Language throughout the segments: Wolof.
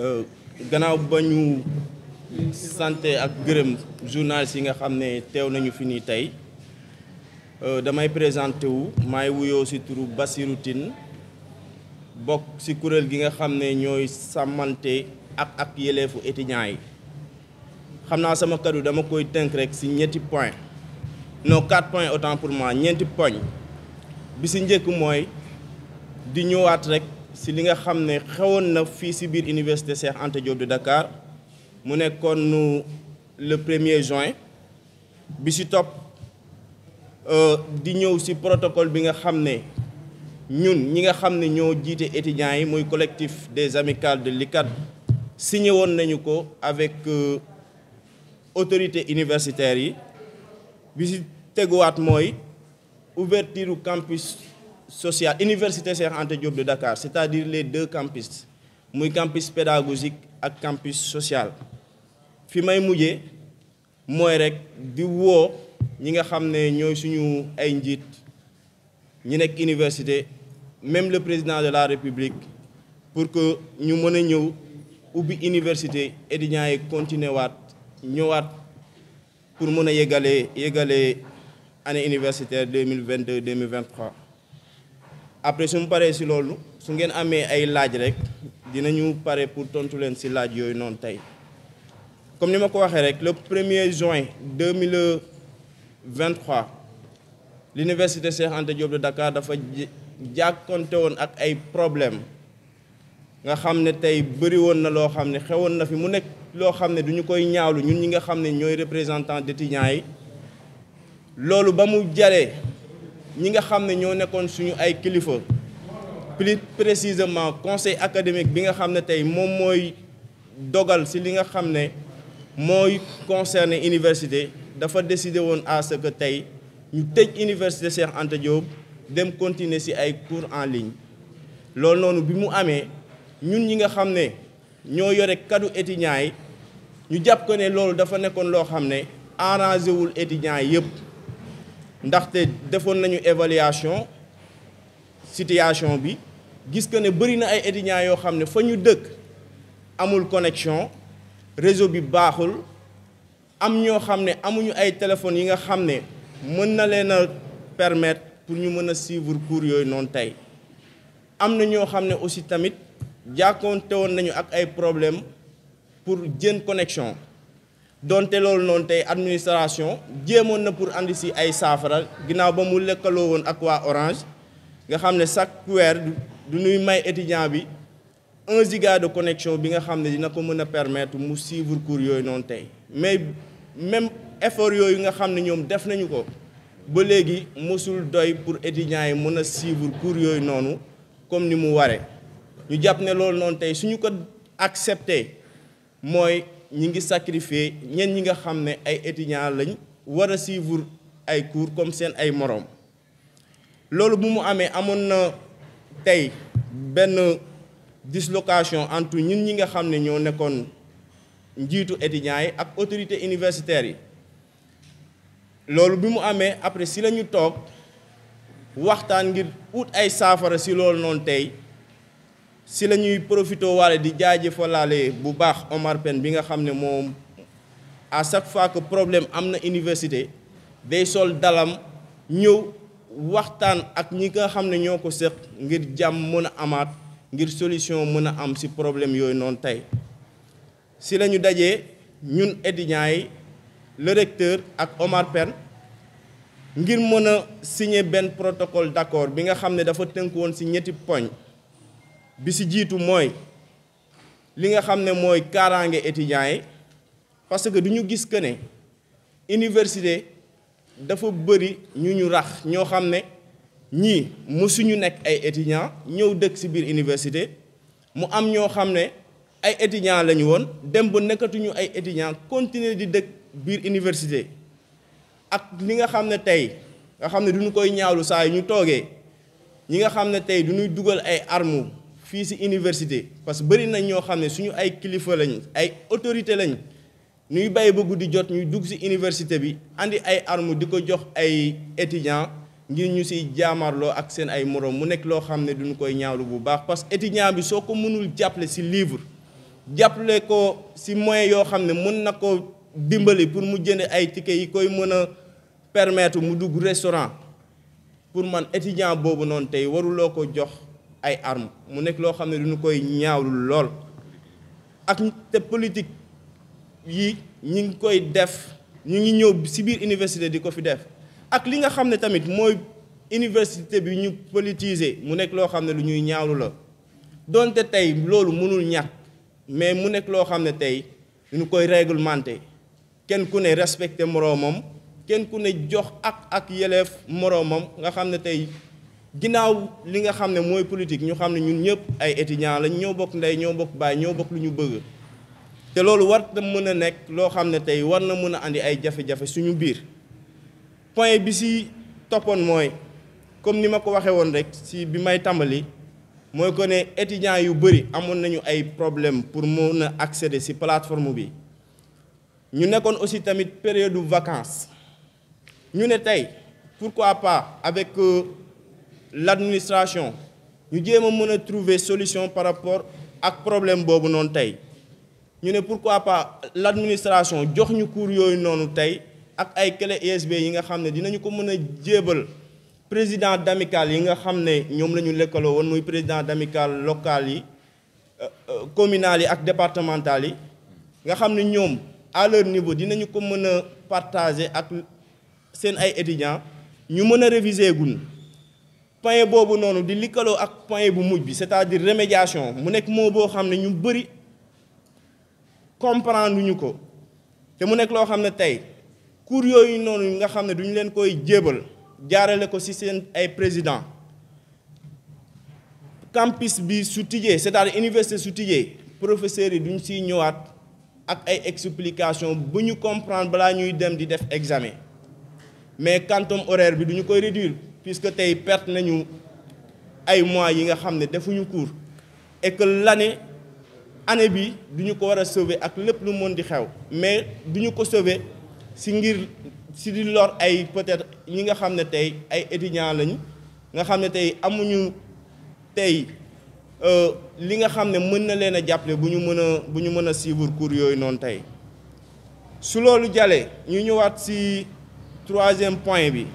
Euh, gannaaw ba ñu santé ak gërëm journaliste yi nga xam ne teew nañu fi nii tey euh, damay présenté wu maay wuyoo ci turu Bassirou Tine bokk ci kuréel gi nga xam ne ñooy sàmmante ak ak yeleefu étudiants yi xam naa sama kaddu dama koy tënk rek ci ñetti point no quatre points autant pour moi ñeenti poñ bi ci njëkk mooy di ñëwaat rek si li nga xam ne xewoon na fii si biir université Cheikh Anta Diop de Dakar mu nekkoon nu le premier juin bi si topp euh, di ñëw si protocole bi nga xam ne ñun ñi nga xam ne ñoo jiite étudiants yi muy collectif des amicales de l'ICAD signé woon nañu ko avec euh, autorités universitaire yi bi si teguwaat mooy ouverture campus sociale université Cheikh Anta Diop de Dakar c'est-à-dire les deux campus muy campus pédagogique ak campus sociale fi may mujjee mooy rek di woo ñi nga xam ne ñooy suñu ay njiit ñi nekk université même le président de la république pour que ñu mën a ñëw ubbi université étudiants yi continuer waat ñëwaat pour mën a yeggalee yeggalee année universitaire 2022 2023 après su mu paree si loolu su ngeen amee ay laaj rek dinañu pare pour tontu leen si laaj yooyu noonu tey comme ni ma ko waxee rek le 1er juin 2023 l'université Cheikh Anta Diop de Dakar dafa jàkkonte woon ak ay problème nga xam ne tey bëri woon na loo xam ne xewoon na fi mu nekk loo xam ne duñu koy ñaawlu ñun ñi nga xam ne ñooy représentant d'étudiants yi loolu ba mu jaree ñi nga xam ne ñoo nekkoon suñu ay kilifa plus précisément conseil académique bi nga xam ne tey moom mooy dogal ci li nga xam ne mooy concerné université dafa décidé woon à ce tey ñu tëj université Cheikh Anta Diop dem continuer ci ay cours en ligne loolu noonu bi mu amee ñun ñi nga xam ne ñoo yore kàddu étudiants yi ñu jàpp ko ne loolu dafa nekkoon loo xam ne arrangé wul étudiants yëpp. ndaxte defoon nañu évaluation situation bi gis que ne bëri na ay étudiants yoo xam ne fa ñu dëkk amul connexion réseau bi baaxul am ñoo xam ne amuñu ay téléphones yi nga xam ne mën na leen a permettre pour ñu mën a suivre cours yooyu noonu tey am na ñoo xam ne aussi tamit jàkkoonte woon nañu ak ay problème pour jën connexion donte loolu noonu tey administration jéemoon na pour andi si ay saafara ginnaaw ba mu lekkaloo woon ak waa Orange nga xam ne chaque weer du nuy may étudiant bi un giga de connexion bi nga xam ne dina ko mën a permettre mu suivre cours yooyu noonu tey mais même effort yooyu nga xam ne ñoom def nañu ko ba léegi mosul doy pour étudiants yi mën a suivre cours yooyu noonu comme ni mu waree ñu jàpp ne loolu noonu tey suñu ko accepté mooy ñi ngi sacrifier ñenn ñi nga xam ne ay étudiants lañ war a suivre ay cours comme seen ay moroom loolu bu mu amee amoon na tey benn dislocation entre ñun ñi nga xam ne ñoo nekkoon njiitu étudiants yi ak autorité universitaires yi loolu bi mu amee après si lañu toog waxtaan ngir wut ay saafara si loolu noonu tey si la ñuy profité waale di jaajëfalaale bu baax Omar Pène bi nga xam ne moom à chaque fois que problème am na université day sol dalam ñëw waxtaan ak ñi nga xam ne ñoo ko seq ngir jàmm mën a amaat ngir solution mën a am si problème yooyu noonu tey si lañu dajee ñun étudiants yi le ak Omar Pène ngir mën a signer benn protocole d'accord bi nga xam ne dafa tënk woon si ñetti poñ bi si jiitu mooy li nga xam ne mooy kaaraange étudiants yi parce que du ñu gis que ne université dafa bëri ñu ñu rax ñoo xam ne ñii mësuñu nekk ay étudiants ñëw dëkk si biir université mu am ñoo xam ne ay étudiants lañu woon dem ba nekkatuñu ay étudiants continuer di dëkk biir iniversité ak li nga xam ne tey nga xam ne du ñu koy ñaawlu saa yu ñu toogee ñi nga xam ne tey du ñuy dugal ay armes. fii ci université parce que bëri nañ ñoo xam ne suñu ay kilifa lañ ay autorité lañ ñuy bàyyi ba guddi jot ñuy dugg ci université bi andi ay armes di ko jox ay étudiants ngir ñu si jaamarloo ak seen ay moroom mu nekk loo xam ne duñu koy ñaawlu bu baax parce que étudiant bi soo ko mënul jàppale si livre jàppale ko si moyen yoo xam ne mën na ko dimbali pour mu jënd ay ticket yi koy mën a permettre mu dugg restaurant pour man étudiant boobu noonu tey waruloo ko jox ay armes mu nekk loo xam ne duñu koy ñaawlu lool ak te politique yi ñu ngi koy def ñu ngi ñëw si biir université di ko fi def ak li nga xam ne tamit mooy université bi ñu politiser mu nekk loo xam ne lu ñuy ñaawlu la donte tey loolu mënul ñàkk mais mu nekk loo xam ne tey ñu koy réglementé kenn ku ne respecté moroomam kenn ku ne jox ak ak yeleef moroomam nga xam ne tey ginnaaw li nga xam ne mooy politique ñu xam ne ñun ñëpp ay étudiants lañ ñoo bokk ndey ñoo bokk baay ñoo bokk lu ñu bëgg te loolu war na mën a nekk loo xam ne tey war na mën a andi ay jafe-jafe suñu biir point bi si toppoon mooy comme ni ma ko waxee woon rek si bi may tàmbali mooy ko ne étudiants yu bëri amoon nañu ay problème pour mën a accéder si plateforme bi ñu nekkoon aussi tamit période de vacances ñu ne tey pourquoi pas avec. Euh, l'administration ñu jéem a mën a trouver solution par rapport ak problème boobu noonu tey ñu ne pour quoi pas l'administration jox ñu cours yooyu noonu tey ak ay clé USB e yi nga xam ne dinañu ko mën a jébal président d'amicale yi nga xam ne ñoom la ñu lëkkaloo woon muy président d'amicale locale yi euh, euh, communale yi ak départementale yi nga xam ne ñoom à niveau dinañu ko mën a partager ak seen ay étudiants ñu mën a réviser gun point boobu noonu di likkaloo ak point bu mujj bi c'est-à-dire remédiation mu nekk moo boo xam ne ñu bëri comprendre ñu ko te mu nekk loo xam ne tey cours yooyu noonu nga xam ne duñu leen koy jébal jaarale ko ci seen ay président campus bi su tijjee c'est-à-dire université su tijjee professeurs yi duñ siy ñëwaat ak ay explication bu ñu comprendre balaa ñuy dem di def examen mais quantum horaire bi duñu koy réduire puisque tey perte nañu ay mois yi nga xam ne defuñu cours et que l'année année bi duñu ko war a sauver ak lépp lu mën di xew mais duñu ko sauver si ngir si di lor ay peut-être ñi nga xam ne tey ay étudiants lañu nga xam ne tey amuñu tey euh, li nga xam ne mën na leen a jàppale bu ñu mën a bu ñu mën a suivre cours yooyu noonu tey su loolu jàllee ñu ñëwaat si troisième point bi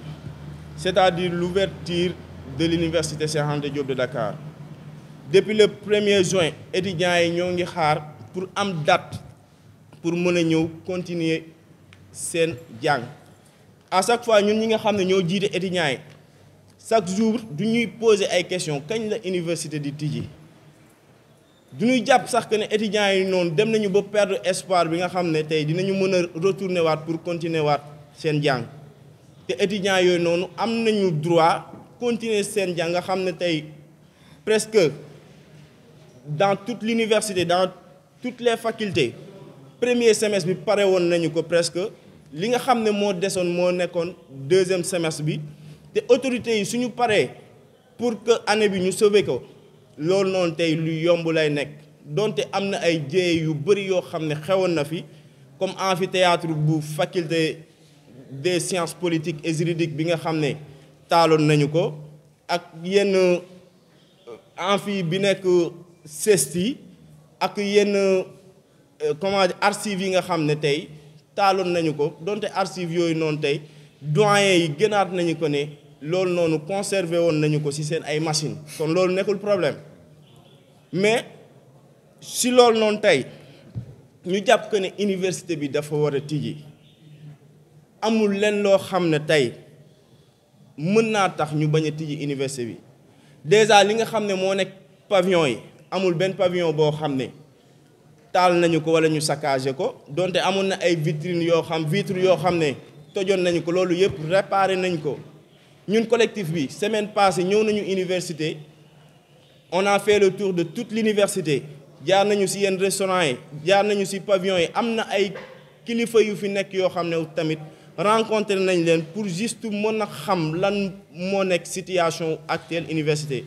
c'est-à-dire l'ouverture de l'université Cheikh Anta Diop de Dakar depuis le 1er juin étudiants yi ñoo ngi xaar pour am dat pour mën a ñëw continuer seen jàng à chaque fois ñun ñi nga xam ne ñoo jiite étudiants yi chaque jour du ñuy poser ay question kañ la université di tijji du ñuy jàpp sax que ne étudiants yi noonu dem nañu ba perdre espoir bi nga xam ne tey dinañu mën a retourner waat pour continuer waat seen jàng. te étudiants yooyu noonu am nañu droit continuer seen jàng nga xam ne tey presque dans toute l'université dans toutes les facultés premier semestre bi pare woon nañu ko presque li nga xam ne moo desoon moo nekkoon deuxième semestre bi te autorités yi suñu paree pour que année bi ñu sauver ko loolu noonu tey lu yomb lay nekk donte am na ay jéey yu bëri yoo xam ne xewoon na fi comme amphithéâtre bu faculté des sciences politique et juridiques bi nga xam ne taaloon nañu ko ak yenn euh, amphi bi nekk CESTI ak yenn euh, comment dire yi nga xam ne tey taaloon nañu ko donte archives yooyu noonu tey doyen yi gënaat nañu ko ne loolu noonu conserver woon nañu ko ci seen ay machines kon loolu nekkul problème mais si loolu noonu tey ñu jàpp que ne université bi dafa war a tijji amul leen loo xam ne tey mën naa tax ñu bañ a tijji université bi déjà li nga xam ne moo nekk pavillon yi amul benn pavillon boo xam ne taal nañu ko wala ñu saccagé ko donte amoon na ay vitrine yoo xam vitre yoo xam ne tojoon nañu ko loolu yëpp réparé nañ ko ñun collectif bi semaine passée ñëw nañu université on a fait le tour de toute liniversité jaar nañu si yenn restaurant yi jaar nañu si pavillon yi am na ay kilifa yu fi nekk yoo xam ne tamit rencontré nañ leen pour juste mën a xam lan moo nekk situation actuelle université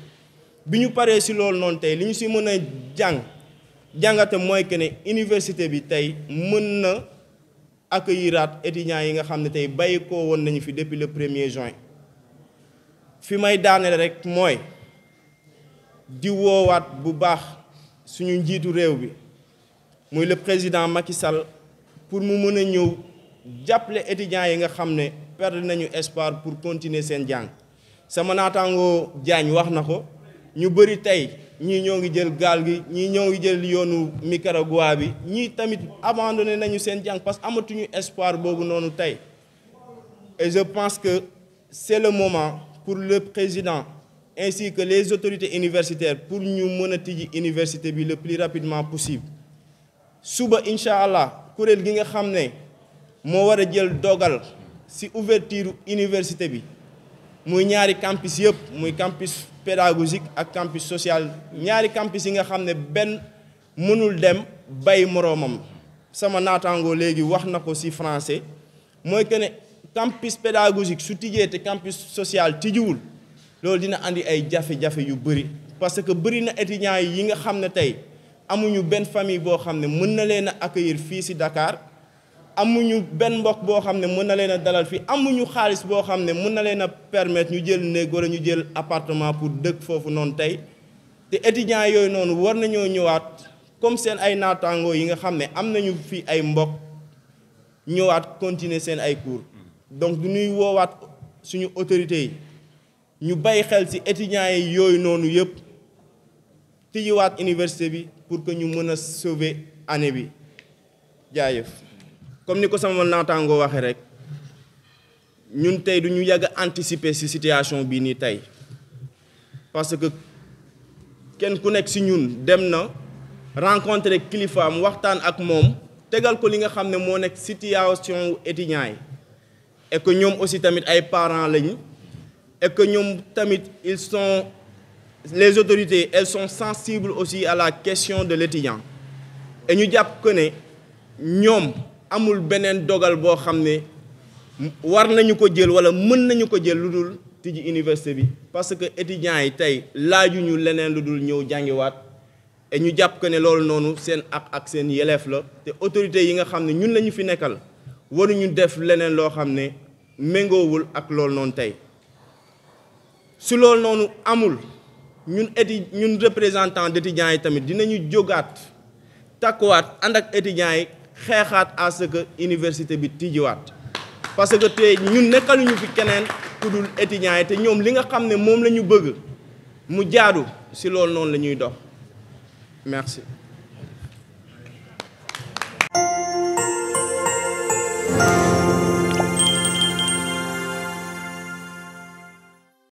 bi ñu paree si loolu noonu tey li ñu si mën a jàng jàngate mooy que ne université bi tey mën na accueilliraat étudiants yi nga xam ne tey bàyyi ko woon nañu fi depuis le premier juin fi may daaneel rek mooy di woowaat bu baax suñu njiitu réew bi muy le président Macky pour mu mën a ñëw jàppale étudiants yi nga xam ne perdre nañu espoir pour continuer seen jàng sama naataangoo Diagne wax na ko ñu bëri tey ñii ñoo ngi jël gaal gi ñii ñoo ngi jël yoonu Nicaragua bi ñii tamit abandonné nañu seen jàng parce que amatuñu espoir boobu noonu tey je pense que c'est le moment pour le président ainsi que les autorités universitaires pour ñu mën a tijji université bi le plus rapidement possible suba incha allah kuréel gi nga xam ne. moo war a jël dogal ci ouverture université bi muy ñaari campus yëpp muy campus pédagogique ak campus social ñaari campus yi nga xam ne benn mënul dem bay moroomam sama naataangoo léegi wax na ko ci français mooy que ne campus pédagogique su tijjee te campus social tijjiwul loolu dina indi ay jafe-jafe yu bëri parce que bëri na étudiants yi nga xam ne tey amuñu benn famille boo xam ne mën na leen a accueillir fii ci dakaar amuñu benn mbokk boo xam ne mën na leen a dalal fii amuñu xaalis boo xam ne mën na leen a permettre ñu jël néeg wala ñu jël apartement pour dëkk foofu noonu tey te étudiants yooyu noonu war nañoo ñëwaat comme seen ay naataangoo yi nga xam ne am nañu fii ay mbokk ñëwaat continuer seen ay cours donc du ñuy woowaat suñu autorités yi ñu bàyyi xel ci étudiants yi yooyu noonu yëpp tijjiwaat université bi pour que ñu mën a sauver année bi jaajëf. comme ni ko sama naataangoo waxee rek ñun tey du ñu yàgg anticiper ci situation bii nii tey parce que kenn ku nekk ci ñun dem na rencontrer kilifaam waxtaan ak moom tegal ko li nga xam ne moo nekk situation étudiants yi et que ñoom aussi tamit ay parents lañu et que ñoom tamit ils sont les autorités elles sont sensibles aussi à la question de l'étudiant et ñu jàpp que ne ñoom. amul beneen dogal boo xam ne war nañu ko jël wala mën nañu ko jël lu dul tijji université bi parce que étudiants yi tey laajuñu leneen lu dul ñëw jàngiwaat et ñu jàpp ko ne loolu noonu seen ak ak seen yeleef la te autorités yi nga xam ne ñun la fi nekkal waruñu def leneen loo xam ne méngoowul ak loolu noonu tey su loolu noonu amul ñun éti ñun représentant d' étudiants yi tamit dinañu jógaat takkuwaat ànd ak étudiants yi xeexaat à ce que université bi tijjiwaat parce que tey ñun nekkaluñu fi keneen ku dul étudiants te ñoom li nga xam ne moom la ñu bëgg mu jaadu si loolu noonu la ñuy dox